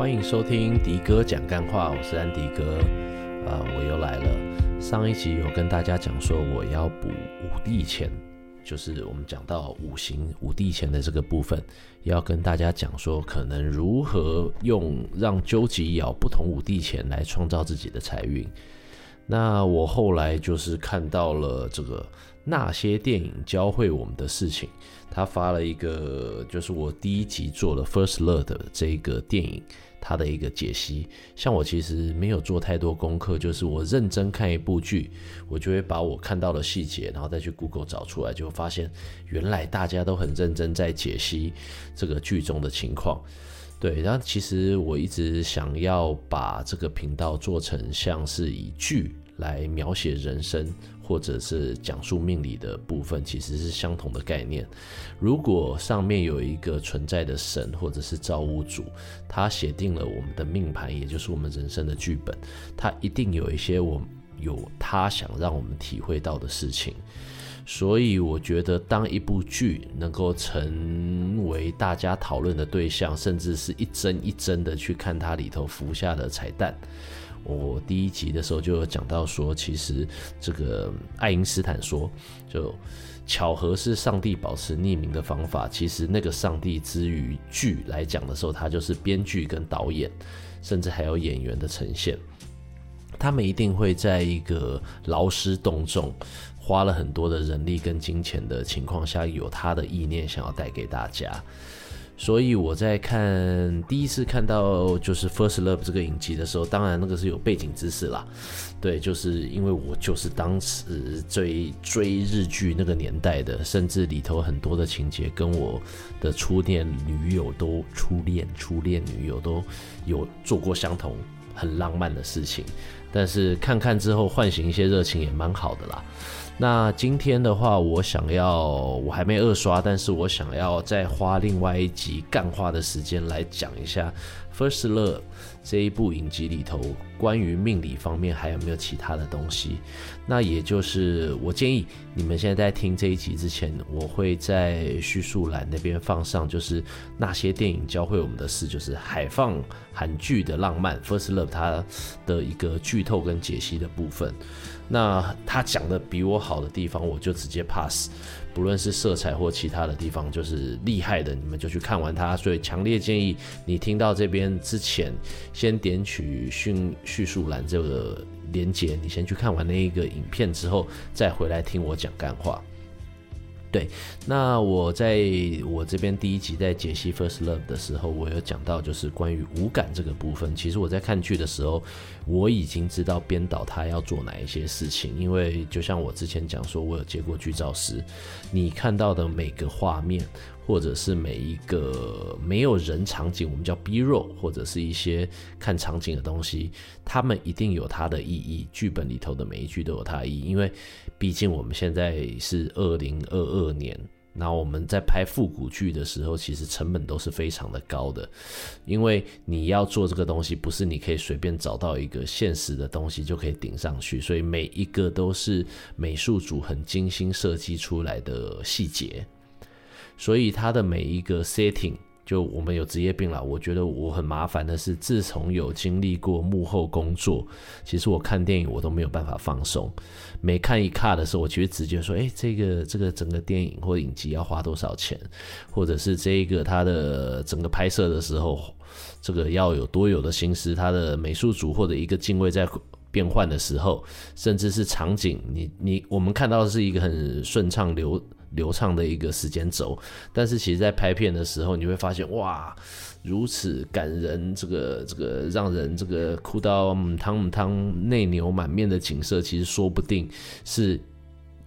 歡迎收聽迪哥講幹話，我是安迪哥，啊，我又來了。上一集有跟大家講說，我要補五帝錢，就是我們講到五行五帝錢的這個部分，要跟大家講說，可能如何用讓究極咬不同五帝錢來創造自己的財運。那我後來就是看到了這個那些電影教會我們的事情，他發了一個就是我第一集做的 First Love 的這個電影。他的一個解析，像我其實沒有做太多功課，就是我認真看一部劇，我就會把我看到的細節，然後再去 Google 找出來，就會發現原來大家都很認真在解析這個劇中的情況。對，然後其實我一直想要把這個頻道做成像是以劇來描寫人生，或者是講述命理的部分，其實是相同的概念。如果上面有一個存在的神，或者是造物主，他寫定了我們的命盤，也就是我們人生的劇本，他一定有一些我們有他想讓我們體會到的事情。所以，我覺得當一部劇能夠成為大家討論的對象，甚至是一幀一幀的去看它裡頭伏下的彩蛋。我第一集的時候就有講到說，其實這個愛因斯坦說，就巧合是上帝保持匿名的方法。其實那個上帝之於劇來講的時候，他就是編劇跟導演，甚至還有演員的呈現，他們一定會在一個勞師動眾、花了很多的人力跟金錢的情況下，有他的意念想要帶給大家。所以我在看第一次看到就是《First Love》這個影集的時候，當然那個是有背景知識啦。對，就是因為我就是當時追追日劇那個年代的，甚至裡頭很多的情節跟我的初戀女友都初戀初戀女友都有做過相同很浪漫的事情。但是看看之後喚醒一些熱情也蠻好的啦。那今天的話，我想要，我還沒二刷，但是我想要再花另外一集幹話的時間來講一下 First Love 這一部影集裡頭，關於命理方面還有沒有其他的東西？那也就是我建議你們現在在聽這一集之前，我會在敘述欄那邊放上，就是那些電影教會我們的事，就是海放韓劇的浪漫《First Love》它的一個劇透跟解析的部分。那他講的比我好的地方，我就直接 pass。無論是色彩或其他的地方，就是厲害的，你們就去看完它。所以強烈建議你聽到這邊之前，先點取敘敘述欄這個連接，你先去看完那一個影片之後，再回來聽我講幹話。對，那我在我這邊第一集在解析《First Love》的時候，我有講到就是關於五感這個部分。其實我在看劇的時候，我已經知道編導他要做哪一些事情，因為就像我之前講說，我有接過劇照師，你看到的每個畫面。或者是每一個沒有人場景，我們叫 B-roll，或者是一些看場景的東西，他們一定有它的意義。劇本裡頭的每一句都有它的意義，因為畢竟我們現在是二零二二年，那我們在拍復古劇的時候，其實成本都是非常的高的，因為你要做這個東西，不是你可以隨便找到一個現實的東西就可以頂上去，所以每一個都是美術組很精心設計出來的細節。所以他的每一個 setting，就我們有職業病了。我覺得我很麻煩的是，自從有經歷過幕後工作，其實我看電影我都沒有辦法放鬆。每看一卡的時候，我其實直接說：“誒、欸，這個這個整個電影或影集要花多少錢？或者是這一個它的整個拍攝的時候，這個要有多有的心思？它的美術組或者一個鏡位在變換的時候，甚至是場景，你你我們看到的是一個很順暢流。”流暢的一個時間軸，但是其實，在拍片的時候，你會發現，哇，如此感人，這個這個讓人這個哭到、嗯、湯姆、嗯、湯內牛滿面的景色，其實說不定是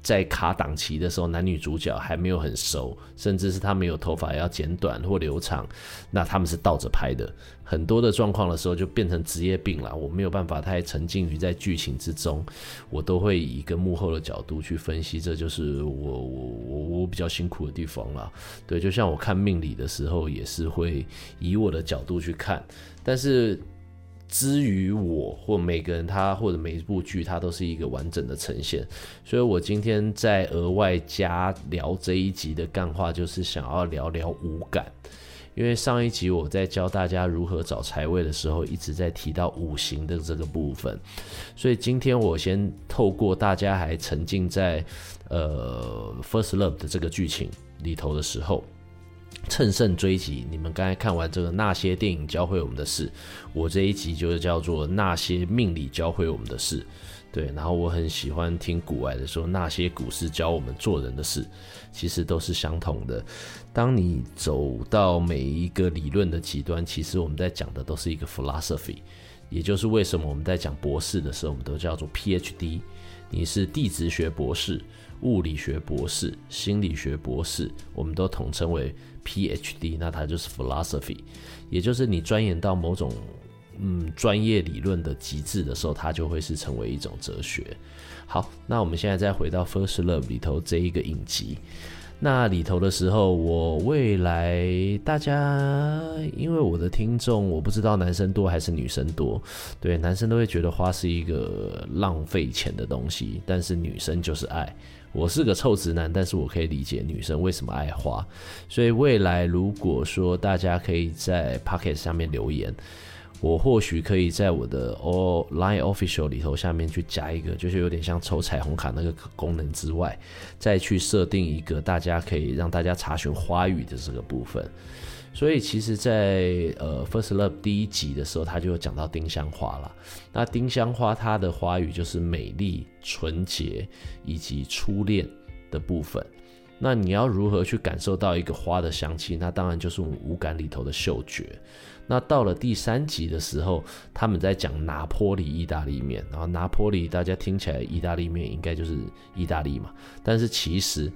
在卡檔期的時候，男女主角還沒有很熟，甚至是他沒有頭髮也要剪短或留長，那他們是倒着拍的。很多的狀況的時候，就變成職業病了，我沒有辦法太沉浸於在劇情之中，我都會以一個幕後的角度去分析，這就是我我，我比較辛苦的地方啦，對，就像我看命理的時候，也是會以我的角度去看，但是之於我或每個人他或者每一部劇，它都是一個完整的呈現，所以我今天再額外加聊這一集的幹話，就是想要聊聊五感。因為上一集我在教大家如何找財位的時候，一直在提到五行的這個部分，所以今天我先透過大家還沉浸在呃 First Love 的這個劇情裡頭的時候，乘勝追擊。你們剛才看完這個那些電影教會我們的事，我這一集就是叫做那些命理教會我們的事。對，然後我很喜歡聽古外的說，那些古詩教我們做人的事，其實都是相同的。當你走到每一個理論的極端，其實我們在講的都是一個 philosophy，也就是為什麼我們在講博士的時候，我們都叫做 Ph.D。你是地質學博士、物理學博士、心理學博士，我們都統稱為 Ph.D。那它就是 philosophy，也就是你鑽研到某種。嗯，專業理論的極致的時候，它就會是成為一種哲學。好，那我們現在再回到 First Love 裡頭這一個影集，那裡頭的時候，我未來大家，因為我的聽眾，我不知道男生多還是女生多。對，男生都會覺得花是一個浪費錢的東西，但是女生就是愛。我是個臭直男，但是我可以理解女生為什麼愛花。所以未來如果說大家可以在 Pocket 下面留言。我或許可以在我的 LINE official 裡頭下面去加一個，就是有點像抽彩虹卡那個功能之外，再去設定一個大家可以讓大家查詢花語的這個部分。所以其實在，在呃 First Love 第一集的時候，他就有講到丁香花了。那丁香花它的花語就是美麗、純潔以及初戀的部分。那你要如何去感受到一個花的香氣？那當然就是我們五感裡頭的嗅覺。那到了第三集的時候，他們在講拿坡里意大利麵，然後拿坡里大家聽起來意大利麵應該就是意大利嘛，但是其實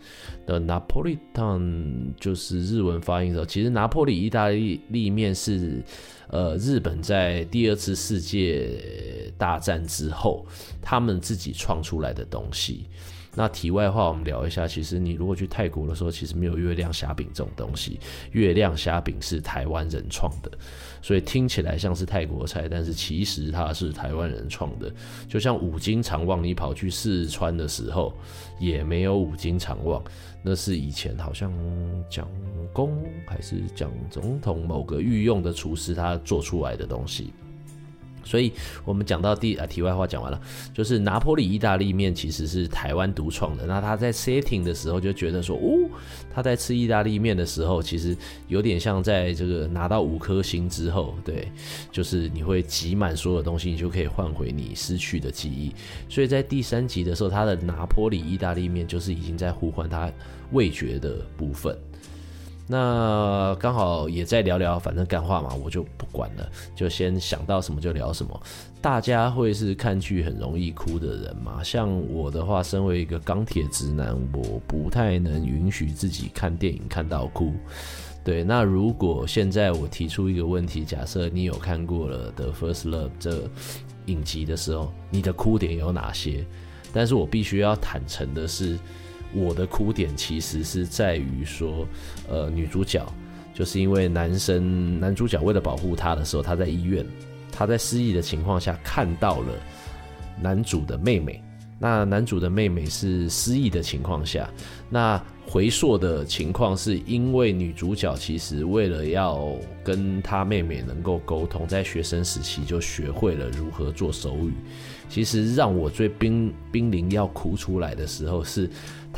的 Napolitan 就是日文發音的時候，其實拿坡里意大利麵是呃日本在第二次世界大戰之後他們自己創出來的東西。那題外話，我們聊一下。其實你如果去泰國的時候，其實沒有月亮蝦餅這種東西。月亮蝦餅是台灣人創的，所以聽起來像是泰國菜，但是其實它是台灣人創的。就像五更腸旺，你跑去四川的時候也沒有五更腸旺，那是以前好像蔣公還是蔣總統某個御用的廚師他做出來的東西。所以，我們講到第啊，題外話講完了，就是拿坡里意大利麵其實是台灣獨創的。那他在 setting 的時候就覺得說，哦，他在吃意大利麵的時候，其實有點像在這個拿到五顆星之後，對，就是你會集滿所有東西，你就可以換回你失去的記憶。所以在第三集的時候，他的拿坡里意大利麵就是已經在呼喚他味覺的部分。那剛好也在聊聊，反正幹話嘛，我就不管了，就先想到什麼就聊什麼。大家會是看劇很容易哭的人嗎？像我的話，身為一個鋼鐵直男，我不太能允許自己看電影看到哭。對，那如果現在我提出一個問題，假設你有看過了《The First Love》這影集的時候，你的哭點有哪些？但是我必須要坦誠的是。我的哭點其實是在於說，呃，女主角就是因為男生男主角為了保護她的時候，她在醫院，她在失憶的情況下看到了男主的妹妹。那男主的妹妹是失憶的情況下，那回溯的情況是因為女主角其實為了要跟她妹妹能夠溝通，在學生時期就學會了如何做手語。其實讓我最瀕瀕臨要哭出來的時候是。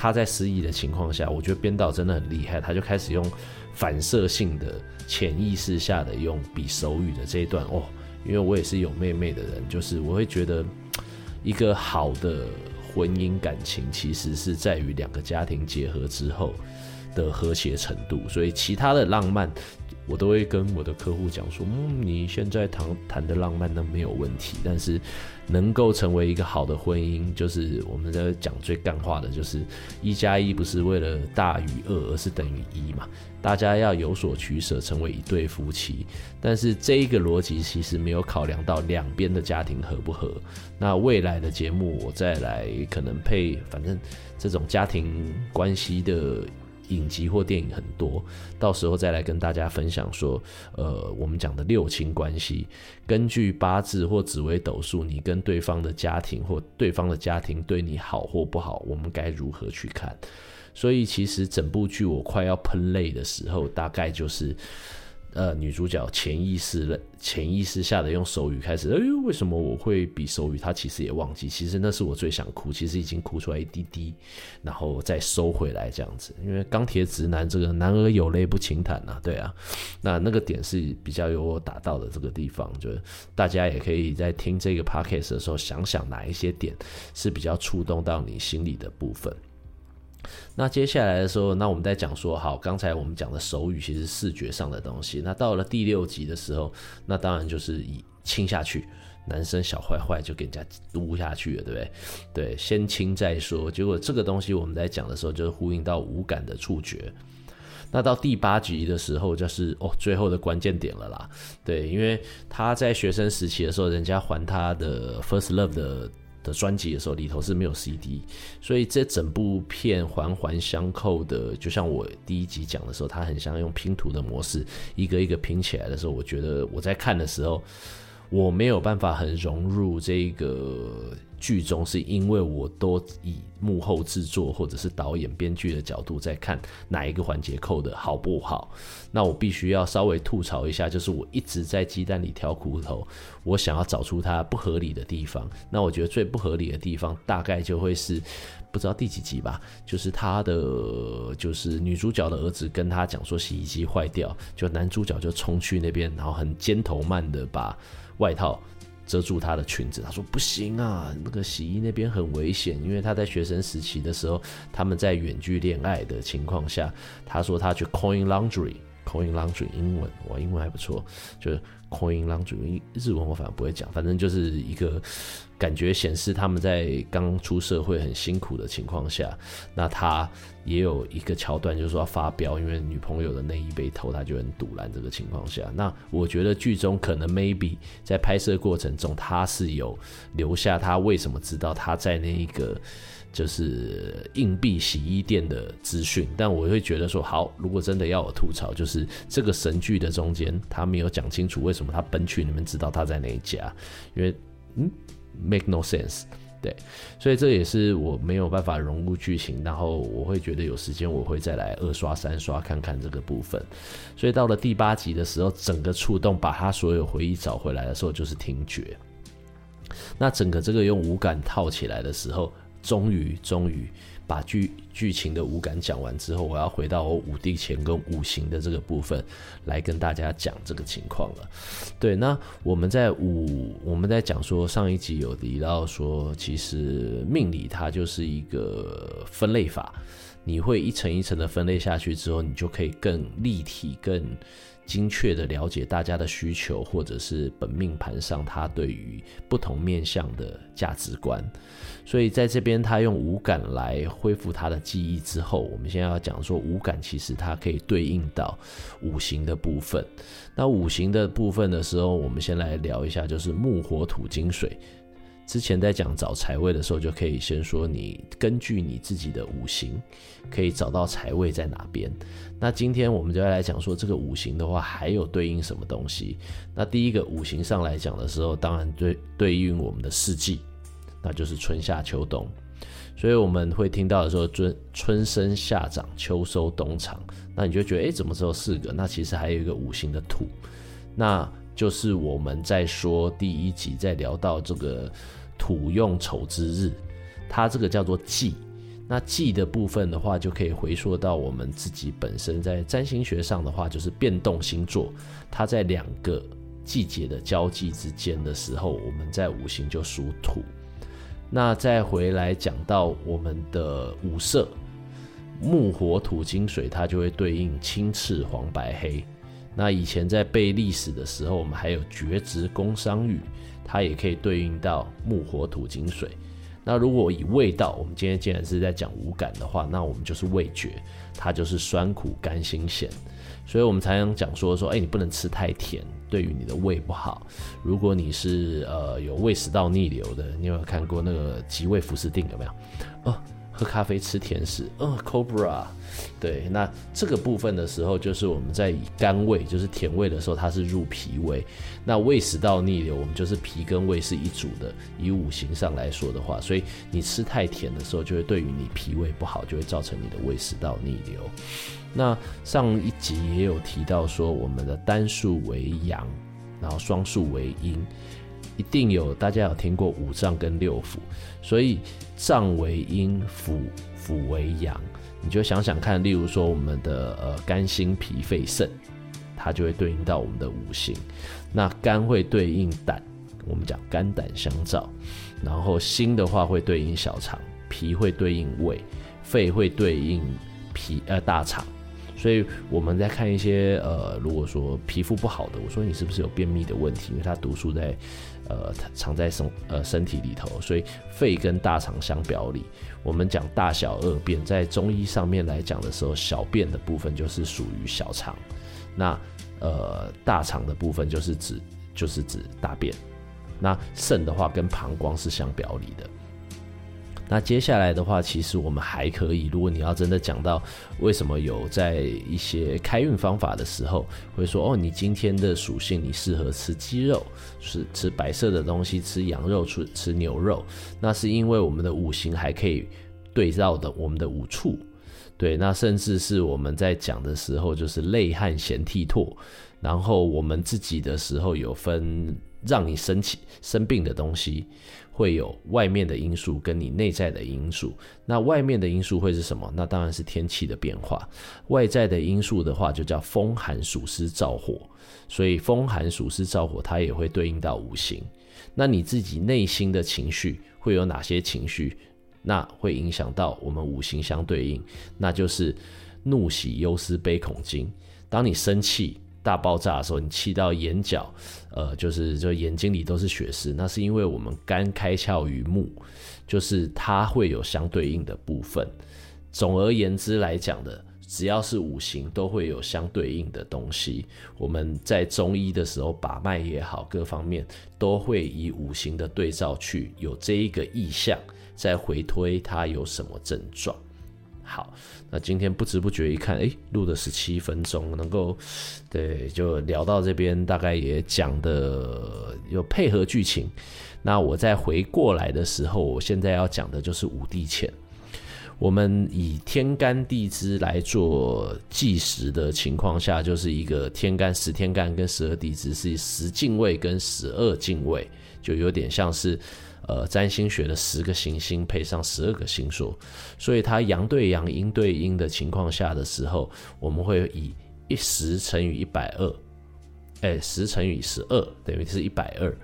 他在失憶的情況下，我覺得編導真的很厲害，他就開始用反射性的潛意識下的用比手語的這一段哦，因為我也是有妹妹的人，就是我會覺得一個好的婚姻感情其實是在於兩個家庭結合之後的和諧程度，所以其他的浪漫。我都會跟我的客戶講說，嗯，你現在談談的浪漫那沒有問題，但是能夠成為一個好的婚姻，就是我們在講最幹話的，就是一加一不是為了大於二，而是等於一嘛。大家要有所取捨，成為一對夫妻。但是這一個邏輯其實沒有考量到兩邊的家庭合不合。那未來的節目我再來可能配，反正這種家庭關係的。影集或電影很多，到時候再來跟大家分享說，呃，我們講的六親關係，根據八字或紫微斗數，你跟對方的家庭或對方的家庭對你好或不好，我們該如何去看？所以其實整部劇我快要噴淚的時候，大概就是。呃，女主角潛意識了，潛意識下的用手語開始，哎呦，為什麼我會比手語？她其實也忘記，其實那是我最想哭，其實已經哭出來一滴滴，然後再收回來這樣子，因為鋼鐵直男這個男兒有淚不輕彈吶，對啊，那那個點是比較有我打到的這個地方，就是大家也可以在聽這個 podcast 的時候想想哪一些點是比較觸動到你心裡的部分。那接下來的時候，那我們在講說好，剛才我們講的手語其實是視覺上的東西。那到了第六集的時候，那當然就是以親下去，男生小壞壞就給人家擼下去了，對不對？對，先親再說。結果這個東西我們在講的時候，就是呼應到五感的觸覺。那到第八集的時候，就是哦、喔，最後的關鍵點了啦。對，因為他在學生時期的時候，人家還他的 First Love 的。的專輯的時候，裡頭是沒有 CD，所以這整部片環環相扣的，就像我第一集講的時候，他很像用拼圖的模式，一個一個拼起來的時候，我覺得我在看的時候，我沒有辦法很融入這個。劇中是因為我都以幕後製作或者是導演、編劇的角度在看哪一個環節扣的好不好，那我必須要稍微吐槽一下，就是我一直在雞蛋裡挑骨頭，我想要找出它不合理的地方。那我覺得最不合理的地方大概就會是不知道第幾集吧，就是他的就是女主角的兒子跟他講說洗衣機壞掉，就男主角就衝去那邊，然後很尖頭慢的把外套。遮住她的裙子，她說不行啊，那個洗衣那邊很危險，因為她在學生時期的時候，他們在遠距戀愛的情況下，她說她去 Coin Laundry。口音朗準英文，哇，英文還不錯。就是口音朗準日文，我反而不會講。反正就是一個感覺顯示他們在剛出社會很辛苦的情況下，那他也有一個橋段，就是說要發飆，因為女朋友的內衣被偷，他就很堵爛這個情況下。那我覺得劇中可能 maybe 在拍攝過程中，他是有留下他為什麼知道他在那一個。就是硬幣洗衣店的資訊，但我會覺得說好，如果真的要我吐槽，就是這個神劇的中間，他沒有講清楚為什麼他奔去，你們知道他在哪一家，因為嗯，make no sense，對，所以這也是我沒有辦法融入劇情。然後我會覺得有時間我會再來二刷三刷看看這個部分。所以到了第八集的時候，整個觸動把他所有回憶找回來的時候，就是聽覺，那整個這個用五感套起來的時候。終於，終於把劇劇情的五感講完之後，我要回到我五帝錢跟五行的這個部分，來跟大家講這個情況了。對，那我們在五，我們在講說上一集有提到說，其實命理它就是一個分類法，你會一層一層的分類下去之後，你就可以更立體、更。精確的了解大家的需求，或者是本命盤上他對於不同面向的價值觀，所以在這邊他用五感來恢復他的記憶之後，我們現在要講說五感其實它可以對應到五行的部分。那五行的部分的時候，我們先來聊一下，就是木、火、土、金、水。之前在講找財位的時候，就可以先說你根據你自己的五行，可以找到財位在哪邊。那今天我們就要來講說這個五行的話，還有對應什麼東西？那第一個五行上來講的時候，當然對對應我們的四季，那就是春夏秋冬。所以我們會聽到的時候，春春生夏長秋收冬藏。那你就覺得，誒，怎麼只有四個？那其實還有一個五行的土，那就是我們在說第一集在聊到這個。土用丑之日，它這個叫做忌。那忌的部分的話，就可以回溯到我們自己本身在占星學上的話，就是變動星座。它在兩個季節的交際之間的時候，我們在五行就屬土。那再回來講到我們的五色，木、火、土、金、水，它就會對應青、赤、黃、白、黑。那以前在背歷史的時候，我們還有角、徵、宮、商、羽。它也可以對應到木火土金水。那如果以味道，我們今天既然是在講五感的話，那我們就是味覺，它就是酸苦甘辛鹹。所以我們才常講說，說，說、欸、誒，你不能吃太甜，對於你的胃不好。如果你是呃有胃食道逆流的，你有沒有看過那個吉胃福適錠有沒有？哦、啊。喝咖啡吃甜食，呃、哦，cobra，對，那這個部分的時候，就是我們在以甘味，就是甜味的時候，它是入脾胃。那胃食道逆流，我們就是脾跟胃是一組的，以五行上來說的話，所以你吃太甜的時候，就會對於你脾胃不好，就會造成你的胃食道逆流。那上一集也有提到說，我們的單數為陽，然後雙數為陰。一定有，大家有聽過五臟跟六腑，所以臟為陰，腑腑為陽。你就想想看，例如說我們的呃肝、心、脾、肺、腎，它就會對應到我們的五行。那肝會對應膽，我們講肝膽相照；然後心的話會對應小腸，脾會對應胃，肺會對應脾，呃，大腸。所以我們在看一些呃，如果說皮膚不好的，我說你是不是有便秘的問題？因為它毒素在，呃，藏在身呃身體裡頭，所以肺跟大腸相表裡。我們講大小二便，在中醫上面來講的時候，小便的部分就是屬於小腸，那呃大腸的部分就是指就是指大便。那腎的話跟膀胱是相表裡的。那接下來的話，其實我們還可以，如果你要真的講到為什麼有在一些開運方法的時候，會說哦，你今天的屬性你適合吃雞肉，是吃，吃白色的東西，吃羊肉吃，吃牛肉，那是因為我們的五行還可以對照的我們的五畜，對，那甚至是我們在講的時候，就是淚汗涎涕、唾，然後我們自己的時候有分。讓你生氣、生病的東西，會有外面的因素跟你內在的因素。那外面的因素會是什麼？那當然是天氣的變化。外在的因素的話，就叫風寒暑濕燥火。所以風寒暑濕燥火，它也會對應到五行。那你自己內心的情緒會有哪些情緒？那會影響到我們五行相對應，那就是怒喜憂思悲恐驚。當你生氣，大爆炸的時候，你氣到眼角，呃，就是就眼睛裡都是血絲，那是因為我們肝開竅於目，就是它會有相對應的部分。總而言之來講的，只要是五行都會有相對應的東西。我們在中醫的時候把脈也好，各方面都會以五行的對照去有這一個意向，再回推它有什麼症狀。好，那今天不知不覺一看，誒，錄了十七分鐘，能夠，對，就聊到這邊，大概也講的有配合劇情。那我再回過來的時候，我現在要講的就是五帝錢。我們以天干地支來做計時的情況下，就是一個天干十天干跟十二地支是十進位跟十二進位，就有點像是。呃，占星學的十個行星配上十二個星座，所以它陽對陽，陰對陰的情況下的時候，我們會以一十乘以一百二，哎，十乘以十二等於是一百二。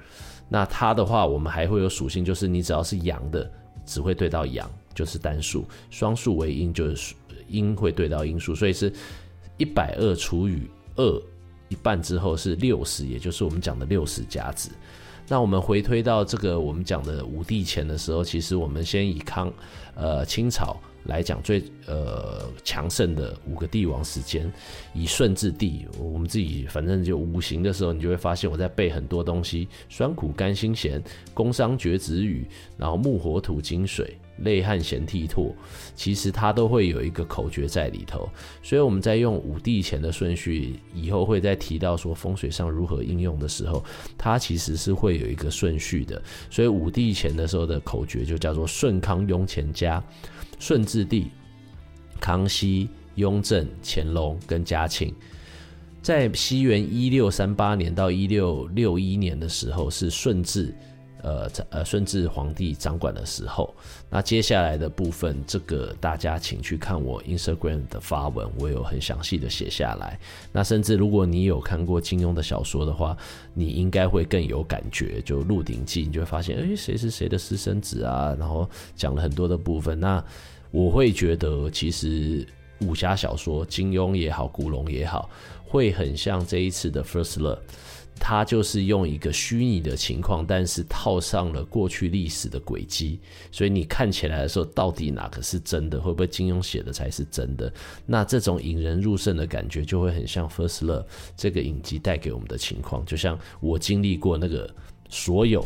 那它的話，我們還會有屬性，就是你只要是陽的，只會對到陽，就是單數；雙數為陰，就是陰會對到陰數，所以是一百二除以二，一半之後是六十，也就是我們講的六十甲子。那我們回推到這個我們講的五帝錢的時候，其實我們先以康，呃，清朝來講最呃強盛的五個帝王時間，以順治帝，我們自己反正就五行的時候，你就會發現我在背很多東西，酸苦甘辛鹹，宮商角徵羽，然後木火土金水。淚汗涎涕唾，其實它都會有一個口訣在裡頭，所以我們在用五帝錢的順序以後會再提到說風水上如何應用的時候，它其實是會有一個順序的。所以五帝錢的時候的口訣就叫做順康雍乾嘉、順治帝、康熙、雍正、乾隆跟嘉慶，在西元一六三八年到一六六一年的時候是順治。呃，呃，順治皇帝掌管的時候，那接下來的部分，這個大家請去看我 Instagram 的發文，我有很詳細的寫下來。那甚至如果你有看過金庸的小說的話，你應該會更有感覺。就《鹿鼎記》，你就會發現，誒，誰是誰的私生子啊？然後講了很多的部分。那我會覺得，其實武俠小說，金庸也好，古龍也好，會很像這一次的 First Love。它就是用一個虛擬的情況，但是套上了過去歷史的軌跡，所以你看起來的時候，到底哪個是真的？會不會金庸寫的才是真的？那這種引人入勝的感覺，就會很像 First Love 這個影集帶給我們的情況，就像我經歷過那個所有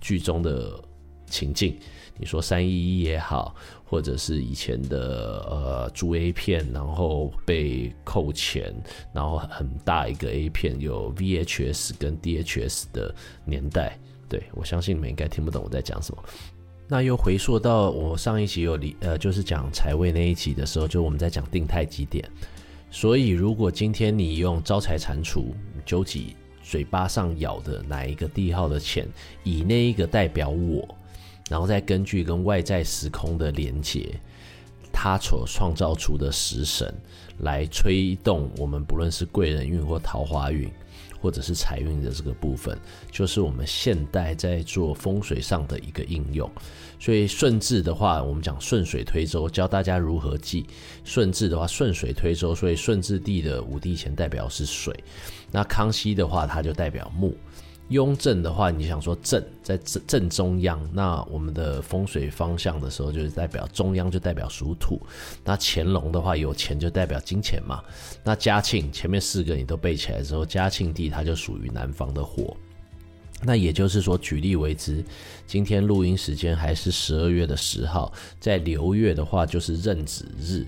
劇中的情境。你說三一一也好。或者是以前的呃，租 A 片，然後被扣錢，然後很大一個 A 片，有 VHS 跟 DHS 的年代，對，我相信你們應該聽不懂我在講什麼。那又回溯到我上一集有理呃，就是講財位那一集的時候，就我們在講定太極點。所以如果今天你用招財蟾蜍究極嘴巴上咬的哪一個帝號的錢，以那一個代表我。然後再根據跟外在時空的連接，它所創造出的食神來推動我們，不論是貴人運或桃花運，或者是財運的這個部分，就是我們現代在做風水上的一個應用。所以順治的話，我們講順水推舟，教大家如何記。順治的話，順水推舟，所以順治帝的五帝錢代表是水。那康熙的話，它就代表木。雍正的話，你想說正在正正中央，那我們的風水方向的時候，就是代表中央就代表屬土。那乾隆的話，有錢就代表金錢嘛。那嘉慶前面四個你都背起來之後，嘉慶帝他就屬於南方的火。那也就是說，舉例為之，今天錄音時間還是十二月的十號，在流月的話就是任子日壬子日。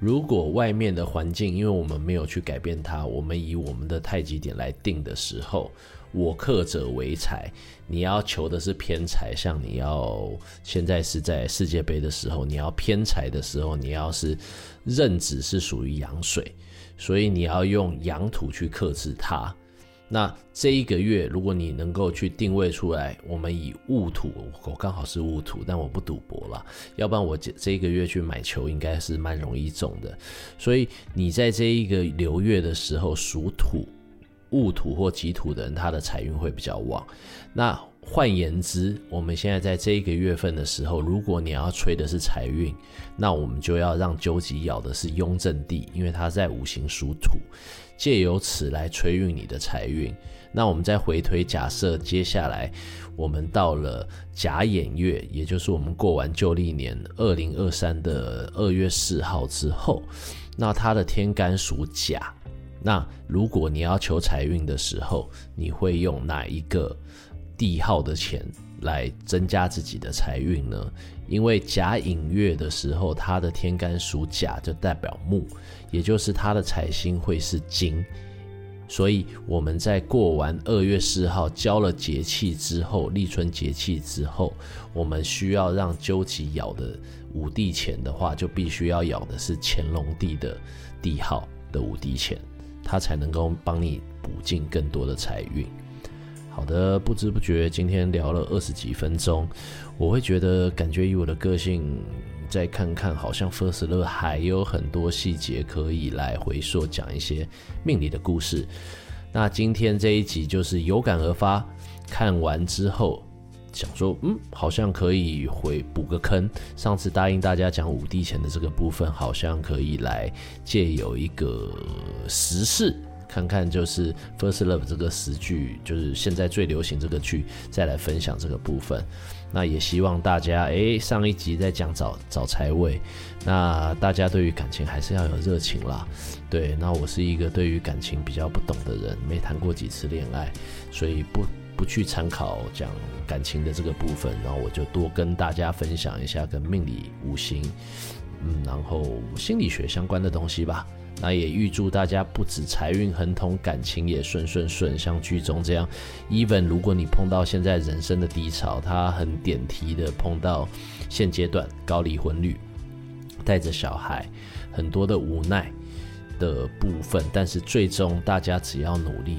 如果外面的環境，因為我們沒有去改變它，我們以我們的太極點來定的時候。我剋者為財，你要求的是偏財。像你要現在是在世界盃的時候，你要偏財的時候，你要是壬子是屬於陽水，所以你要用陽土去剋制它。那這一個月，如果你能夠去定位出來，我們以戊土，我剛好是戊土，但我不賭博了，要不然我這這個月去買球應該是蠻容易中的。所以你在這一個流月的時候屬土。戊土或己土的人，他的財運會比較旺。那換言之，我們現在在這一個月份的時候，如果你要催的是財運，那我們就要讓究極咬的是雍正帝，因為他在五行屬土，借由此來催運你的財運。那我們再回推假設，假設接下來我們到了甲寅月，也就是我們過完舊曆年二零二三的二月四號之後，那他的天干屬甲。那如果你要求財運的時候，你會用哪一個帝號的錢來增加自己的財運呢？因為甲寅月的時候，它的天干屬甲，就代表木，也就是它的財星會是金。所以我們在過完二月四號交了節氣之後，立春節氣之後，我們需要讓究極咬的五帝錢的話，就必須要咬的是乾隆帝的帝號的五帝錢。他才能夠幫你補進更多的財運。好的，不知不覺今天聊了二十幾分鐘，我會覺得感覺以我的個性，再看看好像 First Love 還有很多細節可以來回溯講一些命理的故事。那今天這一集就是有感而發，看完之後。想說，嗯，好像可以回補個坑。上次答應大家講五帝錢的這個部分，好像可以來藉由一個、呃、時事，看看就是《First Love》這個時劇，就是現在最流行這個劇，再來分享這個部分。那也希望大家，誒、欸，上一集在講找找財位，那大家對於感情還是要有熱情啦。對，那我是一個對於感情比較不懂的人，沒談過幾次戀愛，所以不。不去參考講感情的這個部分，然後我就多跟大家分享一下跟命理、五行，嗯，然後心理學相關的東西吧。那也預祝大家不止財運亨通，感情也順順順，像劇中這樣。Even 如果你碰到現在人生的低潮，他很點題的碰到現階段高離婚率，帶着小孩很多的無奈的部分，但是最終大家只要努力。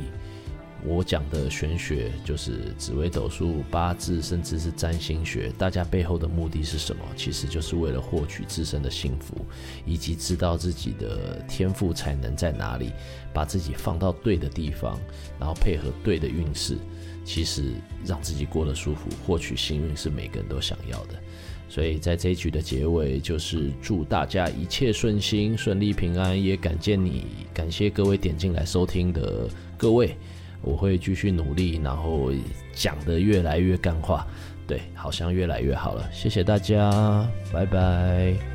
我講的玄學就是紫微斗數、八字，甚至是占星學，大家背後的目的是什麼？其實就是為了獲取自身的幸福，以及知道自己的天賦才能在哪裡，把自己放到對的地方，然後配合對的運勢，其實讓自己過得舒服，獲取幸運是每個人都想要的。所以，在這一局的結尾，就是祝大家一切順心、順利、平安。也感謝你，感謝各位點進來收聽的各位。我會繼續努力，然後講得越來越幹話，對，好像越來越好了。謝謝大家，拜拜。